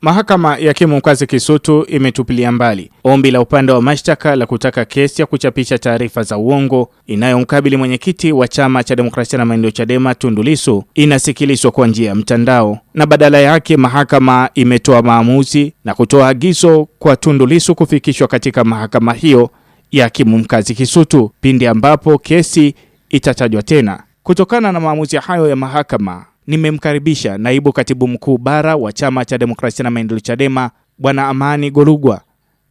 Mahakama ya hakimu mkazi Kisutu imetupilia mbali ombi la upande wa mashtaka la kutaka kesi ya kuchapisha taarifa za uongo inayomkabili mwenyekiti wa chama cha demokrasia na maendeleo Chadema Tundu Lissu inasikilizwa kwa njia ya mtandao, na badala yake mahakama imetoa maamuzi na kutoa agizo kwa Tundu Lissu kufikishwa katika mahakama hiyo ya hakimu mkazi Kisutu pindi ambapo kesi itatajwa tena. Kutokana na maamuzi hayo ya mahakama nimemkaribisha naibu katibu mkuu bara wa chama cha demokrasia na maendeleo Chadema, Bwana Amani Golugwa,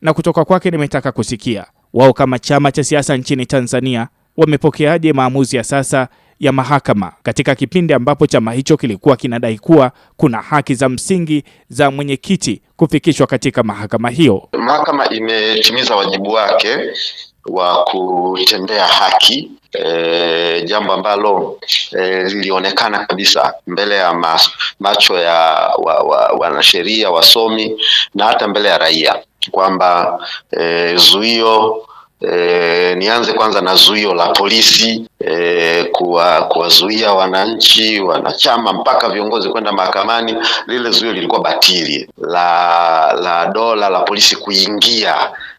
na kutoka kwake nimetaka kusikia wao kama chama cha siasa nchini Tanzania wamepokeaje maamuzi ya sasa ya mahakama katika kipindi ambapo chama hicho kilikuwa kinadai kuwa kuna haki za msingi za mwenyekiti kufikishwa katika mahakama hiyo. Mahakama imetimiza wajibu wake wa kutendea haki E, jambo ambalo eh, lilionekana kabisa mbele ya mas, macho ya wanasheria wa, wa wasomi na hata mbele ya raia kwamba e, zuio e, nianze kwanza na zuio la polisi e, kuwazuia wananchi wanachama mpaka viongozi kwenda mahakamani. Lile zuio lilikuwa batili la, la dola la polisi kuingia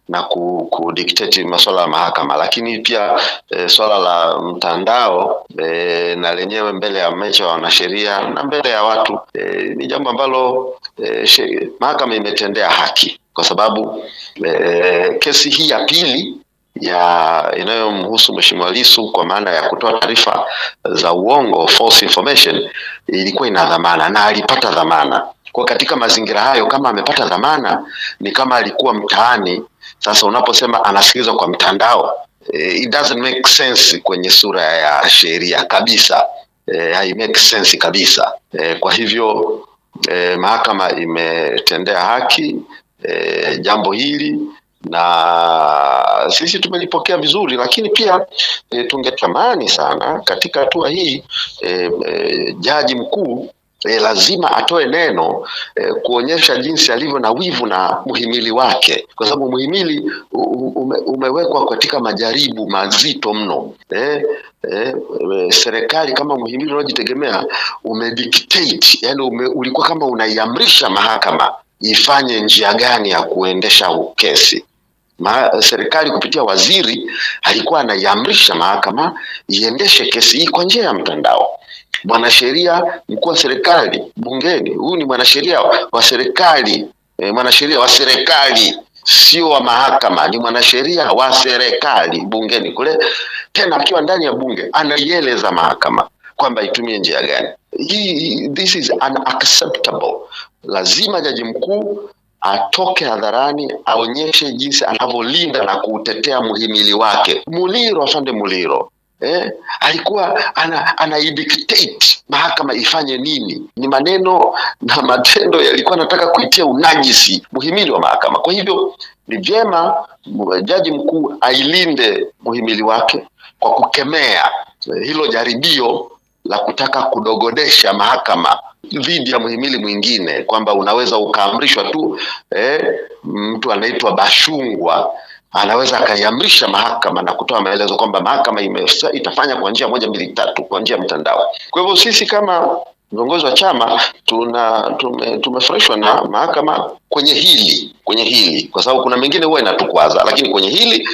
na kudictate masuala ya mahakama, lakini pia e, swala la mtandao e, na lenyewe mbele ya mecha wa wanasheria na mbele ya watu e, ni jambo ambalo e, mahakama imetendea haki kwa sababu e, kesi hii ya pili ya inayomhusu Mheshimiwa Lissu kwa maana ya kutoa taarifa za uongo false information ilikuwa ina dhamana na alipata dhamana. Kwa katika mazingira hayo, kama amepata dhamana, ni kama alikuwa mtaani sasa unaposema anasikizwa kwa mtandao eh, it doesn't make sense kwenye sura ya sheria kabisa, eh, hai make sense kabisa. Eh, kwa hivyo eh, mahakama imetendea haki eh, jambo hili na sisi tumelipokea vizuri, lakini pia e, tungetamani sana katika hatua hii e, e, jaji mkuu E, lazima atoe neno e, kuonyesha jinsi alivyo na wivu na muhimili wake, kwa sababu muhimili ume, umewekwa katika majaribu mazito mno e, e, serikali kama muhimili unaojitegemea umedictate, yani ume, ulikuwa kama unaiamrisha mahakama ifanye njia gani ya kuendesha kesi. Ma, serikali kupitia waziri alikuwa anaiamrisha mahakama iendeshe kesi hii kwa njia ya mtandao mwanasheria mkuu wa serikali bungeni. Huyu ni mwanasheria wa serikali e, mwanasheria wa serikali sio wa mahakama, ni mwanasheria wa serikali bungeni kule, tena akiwa ndani ya bunge anaieleza mahakama kwamba itumie njia gani. He, this is unacceptable. Lazima jaji mkuu atoke hadharani aonyeshe jinsi anavyolinda na kuutetea muhimili wake. Muliro, asante Muliro Eh, alikuwa ana, ana mahakama ifanye nini. Ni maneno na matendo yalikuwa anataka kuitia unajisi muhimili wa mahakama. Kwa hivyo ni vyema jaji mkuu ailinde muhimili wake kwa kukemea eh, hilo jaribio la kutaka kudogodesha mahakama dhidi ya muhimili mwingine, kwamba unaweza ukaamrishwa tu eh, mtu anaitwa Bashungwa anaweza akaiamrisha mahakama na kutoa maelezo kwamba mahakama imesa, itafanya kwa njia moja mbili tatu kwa njia ya mtandao. Kwa hivyo sisi kama viongozi wa chama tuna tumefurahishwa na mahakama kwenye hili kwenye hili, kwa sababu kuna mengine huwa inatukwaza, lakini kwenye hili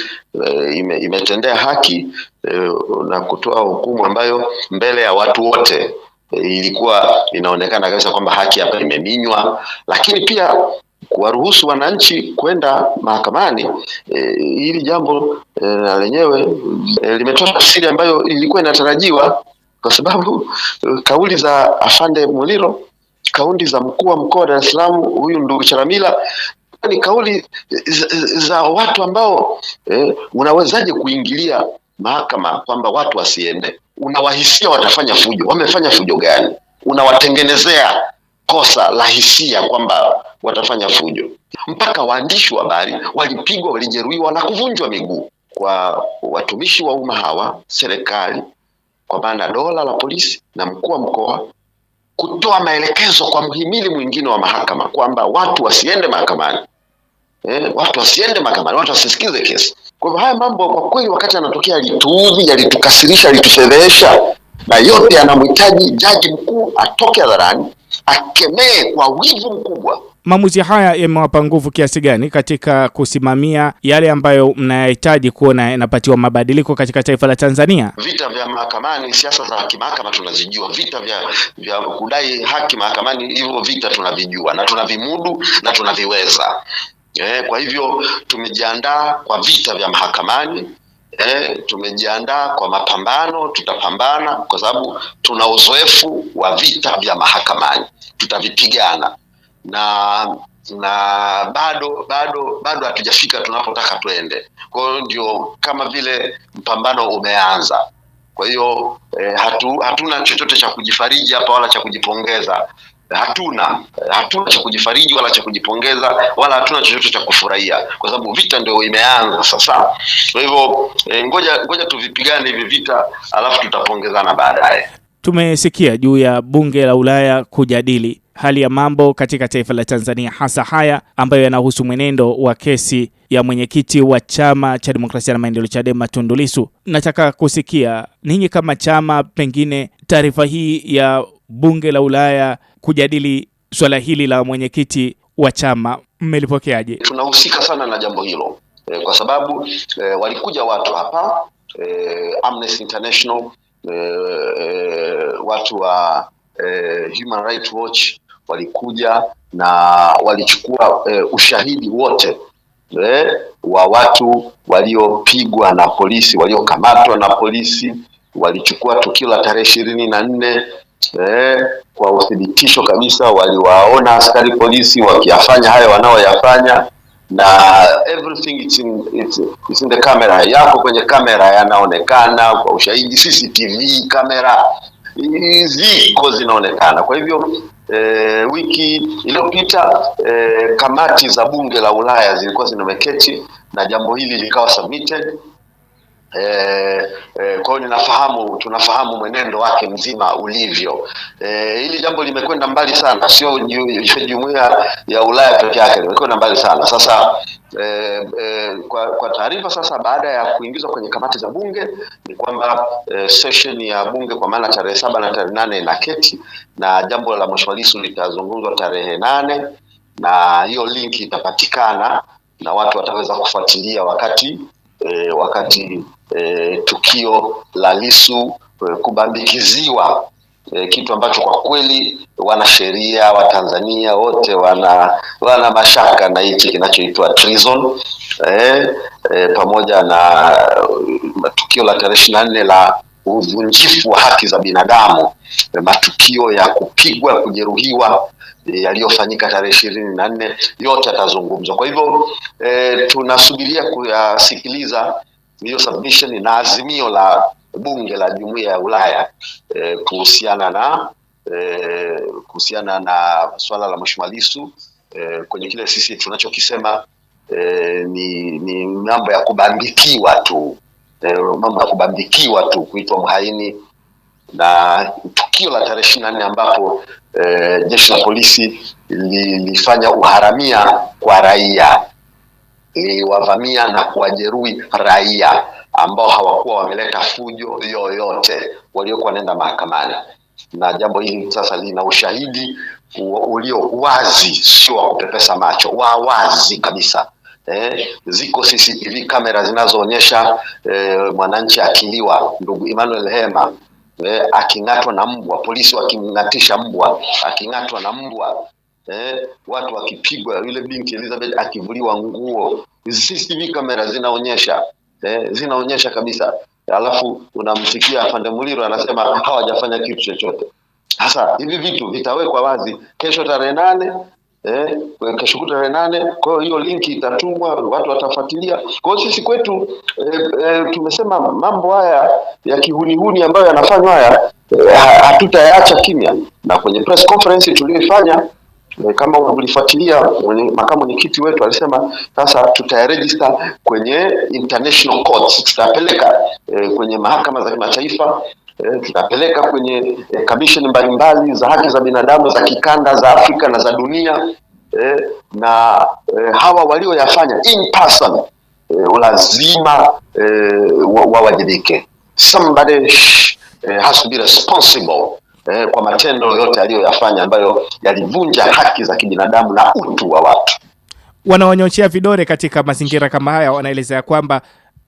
e, ime, imetendea haki e, na kutoa hukumu ambayo mbele ya watu wote e, ilikuwa inaonekana kabisa kwamba haki hapa imeminywa, lakini pia kuwaruhusu wananchi kwenda mahakamani e, hili jambo e, na lenyewe e, limetoa tafsiri ambayo ilikuwa inatarajiwa kwa sababu e, kauli za Afande Muliro, kaundi za mkuu wa mkoa wa Dar es Salaam huyu ndugu Chalamila ni kauli za watu ambao e, unawezaje kuingilia mahakama kwamba watu wasiende? Unawahisia watafanya fujo, wamefanya fujo gani? Unawatengenezea kosa la hisia kwamba watafanya fujo. Mpaka waandishi wa habari walipigwa, walijeruhiwa na kuvunjwa miguu. Kwa watumishi wa umma hawa, serikali kwa maana dola la polisi na mkuu wa mkoa kutoa maelekezo kwa mhimili mwingine wa mahakama kwamba watu wasiende mahakamani eh, watu wasiende mahakamani, watu wasisikize kesi. Kwa hivyo haya mambo kwa kweli, wakati anatokea alituudhi, yalitukasirisha, alitusevesha, na yote yanamhitaji jaji mkuu atoke hadharani akemee kwa wivu mkubwa maamuzi haya yamewapa nguvu kiasi gani katika kusimamia yale ambayo mnayahitaji kuona yanapatiwa mabadiliko katika taifa la Tanzania? Vita vya mahakamani, siasa za kimahakama tunazijua, vita vya, vya kudai haki mahakamani, hivyo vita tunavijua na tunavimudu na tunaviweza. E, kwa hivyo tumejiandaa kwa vita vya mahakamani. E, tumejiandaa kwa mapambano, tutapambana kwa sababu tuna uzoefu wa vita vya mahakamani, tutavipigana na na bado bado bado hatujafika tunapotaka twende. Kwa hiyo ndio kama vile mpambano umeanza. Kwa hiyo eh, hatu, hatuna chochote cha kujifariji hapa wala cha kujipongeza hatuna hatuna cha kujifariji wala cha kujipongeza wala hatuna chochote cha kufurahia, kwa sababu vita ndio imeanza sasa. Kwa hivyo e, ngoja ngoja tuvipigane hivi vita, alafu tutapongezana baadaye. Tumesikia juu ya bunge la Ulaya kujadili hali ya mambo katika taifa la Tanzania, hasa haya ambayo yanahusu mwenendo wa kesi ya mwenyekiti wa chama cha demokrasia na maendeleo Chadema, Tundu Lissu. Nataka kusikia ninyi kama chama, pengine taarifa hii ya bunge la Ulaya kujadili swala hili la mwenyekiti wa chama mmelipokeaje? Tunahusika sana na jambo hilo e, kwa sababu e, walikuja watu hapa e, Amnesty International e, e, watu wa e, Human Rights Watch walikuja na walichukua e, ushahidi wote e, wa watu waliopigwa na polisi, waliokamatwa na polisi. Walichukua tukio la tarehe ishirini na nne eh, kwa uthibitisho kabisa, waliwaona askari polisi wakiyafanya hayo wanaoyafanya na everything it's in, it's, it's in the camera, yako kwenye kamera, yanaonekana kwa ushahidi CCTV kamera ziko zinaonekana. Kwa hivyo e, wiki iliyopita e, kamati za bunge la Ulaya zilikuwa zinameketi na jambo hili likawa submitted. E, e, kwa hiyo ninafahamu tunafahamu mwenendo wake mzima ulivyo. Eh, hili jambo limekwenda mbali sana, sio jumuiya ya Ulaya peke yake, limekwenda mbali sana. Sasa eh, eh, kwa, kwa taarifa sasa baada ya kuingizwa kwenye kamati za bunge ni kwamba eh, session ya bunge kwa maana tarehe saba na tarehe nane na keti na jambo la Mheshimiwa lisu litazungumzwa tarehe nane na hiyo linki itapatikana na watu wataweza kufuatilia wakati eh, wakati eh, tukio la lisu eh, kubambikiziwa e, kitu ambacho kwa kweli wanasheria wa Tanzania wote wana wana mashaka na hichi kinachoitwa treason e, e, pamoja na uh, tukio la tarehe ishirini na nne la uvunjifu wa haki za binadamu, matukio ya kupigwa, kujeruhiwa yaliyofanyika tarehe ishirini na nne yote yatazungumzwa. Kwa hivyo e, tunasubiria kuyasikiliza hiyo submission na azimio la bunge la jumuiya ya Ulaya eh, kuhusiana na eh, kuhusiana na swala la Mheshimiwa Lissu eh, kwenye kile sisi tunachokisema eh, ni, ni mambo ya kubambikiwa tu eh, mambo ya kubambikiwa tu kuitwa mhaini na tukio la tarehe ishirini na nne ambapo eh, jeshi la polisi lilifanya uharamia kwa raia liliwavamia na kuwajeruhi raia ambao hawakuwa wameleta fujo yoyote waliokuwa wanaenda mahakamani, na jambo hili sasa lina ushahidi ulio wazi, sio wa kupepesa macho, wa wazi kabisa. Eh, ziko CCTV kamera zinazoonyesha eh, mwananchi akiliwa, ndugu Emmanuel Hema eh, aking'atwa na mbwa, polisi wakimng'atisha mbwa, aking'atwa na mbwa eh, watu wakipigwa, yule binti Elizabeth akivuliwa nguo. CCTV kamera zinaonyesha eh, zinaonyesha kabisa. Alafu unamsikia Afande Muliro anasema hawajafanya kitu chochote. Sasa hivi vitu vitawekwa wazi kesho tarehe nane eh, kesho tarehe nane. Kwa hiyo hiyo linki itatumwa, watu watafuatilia. Kwa hiyo sisi kwetu eh, eh, tumesema mambo haya ya kihunihuni ambayo yanafanywa haya eh, hatutayaacha kimya, na kwenye press conference tuliyoifanya kama ulifuatilia makamu mwenyekiti wetu alisema sasa tutaregister kwenye international courts, tutapeleka e, kwenye mahakama za kimataifa e, tutapeleka kwenye e, commission mbalimbali za haki za binadamu za kikanda za Afrika na za dunia e, na e, hawa walioyafanya in person e, lazima e, wawajibike. Somebody has to be responsible eh, kwa matendo yote aliyoyafanya ambayo yalivunja haki za kibinadamu na utu wa watu. Wanaonyoshea vidore katika mazingira kama haya, wanaelezea kwamba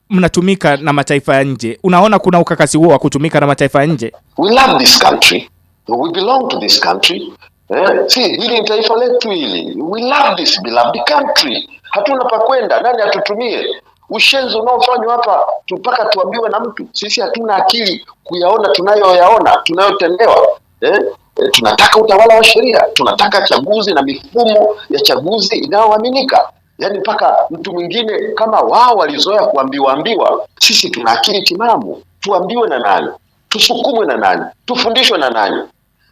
mnatumika na mataifa ya nje. Unaona kuna ukakasi huo wa kutumika na mataifa ya nje. We love this country. We belong to this country. Eh, si hili ni taifa letu hili. We love this beloved country. Hatuna pa kwenda, nani atutumie? Ushenzi unaofanywa hapa mpaka tuambiwe na mtu, sisi hatuna akili kuyaona tunayoyaona tunayotendewa. Eh, eh, tunataka utawala wa sheria, tunataka chaguzi na mifumo ya chaguzi inayoaminika. Yaani mpaka mtu mwingine kama wao walizoea kuambiwa ambiwa, sisi tuna akili timamu. Tuambiwe na nani? Tusukumwe na nani? Tufundishwe na nani?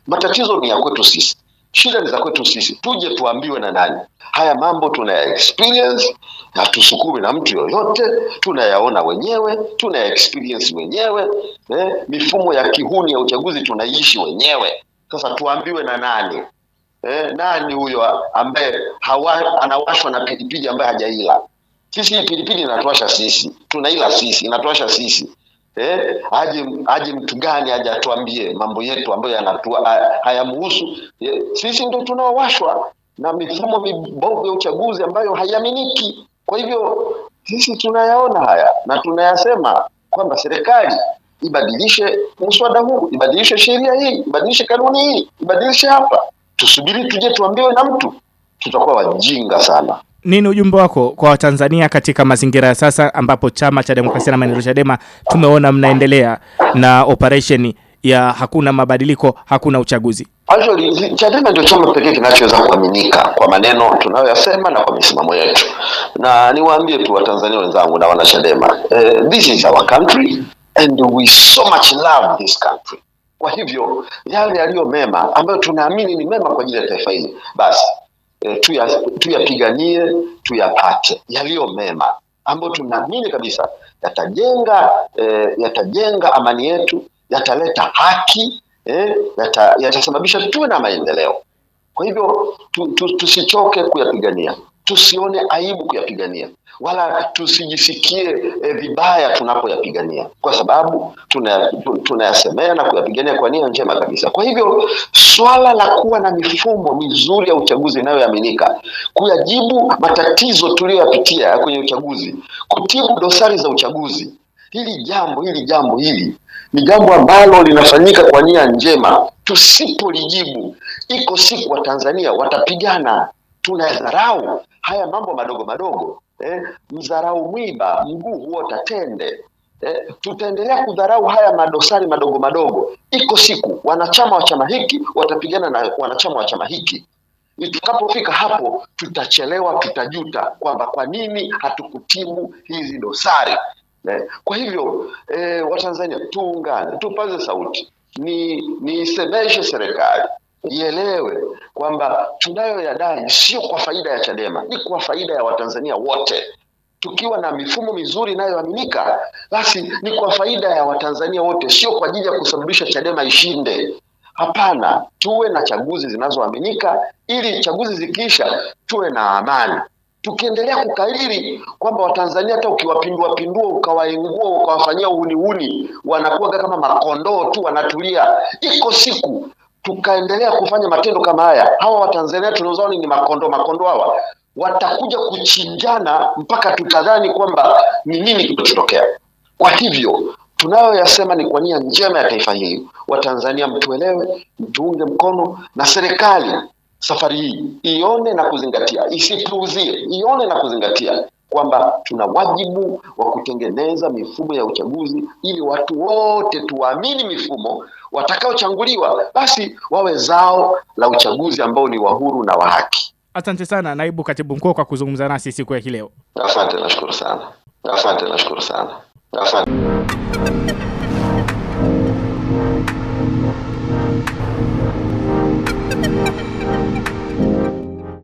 Matatizo ni ya kwetu sisi. Shida ni za kwetu sisi, tuje tuambiwe na nani? Haya mambo tunaya experience, hatusukumi na mtu yoyote, tunayaona wenyewe, tunaya experience wenyewe eh, mifumo ya kihuni ya uchaguzi tunaiishi wenyewe. Sasa tuambiwe na nani? Eh, nani huyo ambaye anawashwa na pilipili ambaye hajaila? Sisi pilipili inatuasha sisi, tunaila sisi, inatuasha sisi eh, aje aje mtu gani aje atuambie mambo yetu ambayo yanatua hayamhusu. Eh, sisi ndio tunaowashwa na mifumo mibovu ya uchaguzi ambayo haiaminiki. Kwa hivyo sisi tunayaona haya na tunayasema kwamba serikali ibadilishe mswada huu, ibadilishe sheria hii, ibadilishe kanuni hii, ibadilishe hapa. Tusubiri tuje tuambiwe na mtu, tutakuwa wajinga sana nini ujumbe wako kwa Watanzania katika mazingira ya sasa ambapo chama cha demokrasia na maendeleo Chadema tumeona mnaendelea na operation ya hakuna mabadiliko, hakuna uchaguzi? Actually, Chadema ndio chama pekee kinachoweza kuaminika kwa maneno tunayoyasema na kwa misimamo yetu, na niwaambie tu Watanzania wenzangu na wana Chadema, eh, this is our country and we so much love this country. Kwa hivyo yale yaliyo mema ambayo tunaamini ni mema kwa ajili ya taifa hili basi e, eh, tuyapiganie tuya tuyapate yaliyo mema ambayo tunaamini kabisa yatajenga e, yatajenga amani yetu, yataleta haki e, yatasababisha yata tuwe na maendeleo. Kwa hivyo tusichoke tu, tu, tu kuyapigania tusione aibu kuyapigania wala tusijisikie e, eh, vibaya tunapoyapigania kwa sababu tunayasemea tuna na kuyapigania kwa nia njema kabisa. Kwa hivyo swala la kuwa na mifumo mizuri ya uchaguzi inayoaminika, kuyajibu matatizo tuliyoyapitia kwenye uchaguzi, kutibu dosari za uchaguzi, hili jambo hili jambo hili ni jambo ambalo linafanyika kwa nia njema. Tusipolijibu, iko siku Watanzania watapigana tunadharau haya mambo madogo madogo eh, mdharau mwiba mguu huota tende eh, tutaendelea kudharau haya madosari madogo madogo. Iko siku wanachama wa chama hiki watapigana na wanachama wa chama hiki. Itakapofika hapo, tutachelewa, tutajuta kwamba kwa nini hatukutibu hizi dosari. Eh, kwa hivyo eh, Watanzania tuungane, tupaze sauti, ni niisemeshe serikali ielewe kwamba tunayoyadai sio kwa faida ya Chadema, ni kwa faida ya Watanzania wote. Tukiwa na mifumo mizuri inayoaminika, basi ni kwa faida ya Watanzania wote, sio kwa ajili ya kusababisha Chadema ishinde. Hapana, tuwe na chaguzi zinazoaminika, ili chaguzi zikiisha tuwe na amani. Tukiendelea kukariri kwamba Watanzania hata ukiwapindua pindua ukawaingua ukawafanyia uhuni, wanakuwa kama makondoo tu, wanatulia. Iko siku tukaendelea kufanya matendo kama haya, hawa Watanzania tunaozaoni ni makondo makondo hawa watakuja kuchinjana mpaka tutadhani kwamba ni nini kimetutokea. Kwa hivyo tunayoyasema ni kwa nia njema ya taifa hili. Watanzania mtuelewe, mtuunge mkono, na serikali safari hii ione na kuzingatia, isipuuzie, ione na kuzingatia kwamba tuna wajibu wa kutengeneza mifumo ya uchaguzi ili watu wote tuwaamini mifumo, watakaochanguliwa basi wawe zao la uchaguzi ambao ni wa huru na wa haki. Asante sana naibu katibu mkuu kwa kuzungumza nasi siku ya leo. Asante, nashukuru sana. Asante, nashukuru sana. Asante.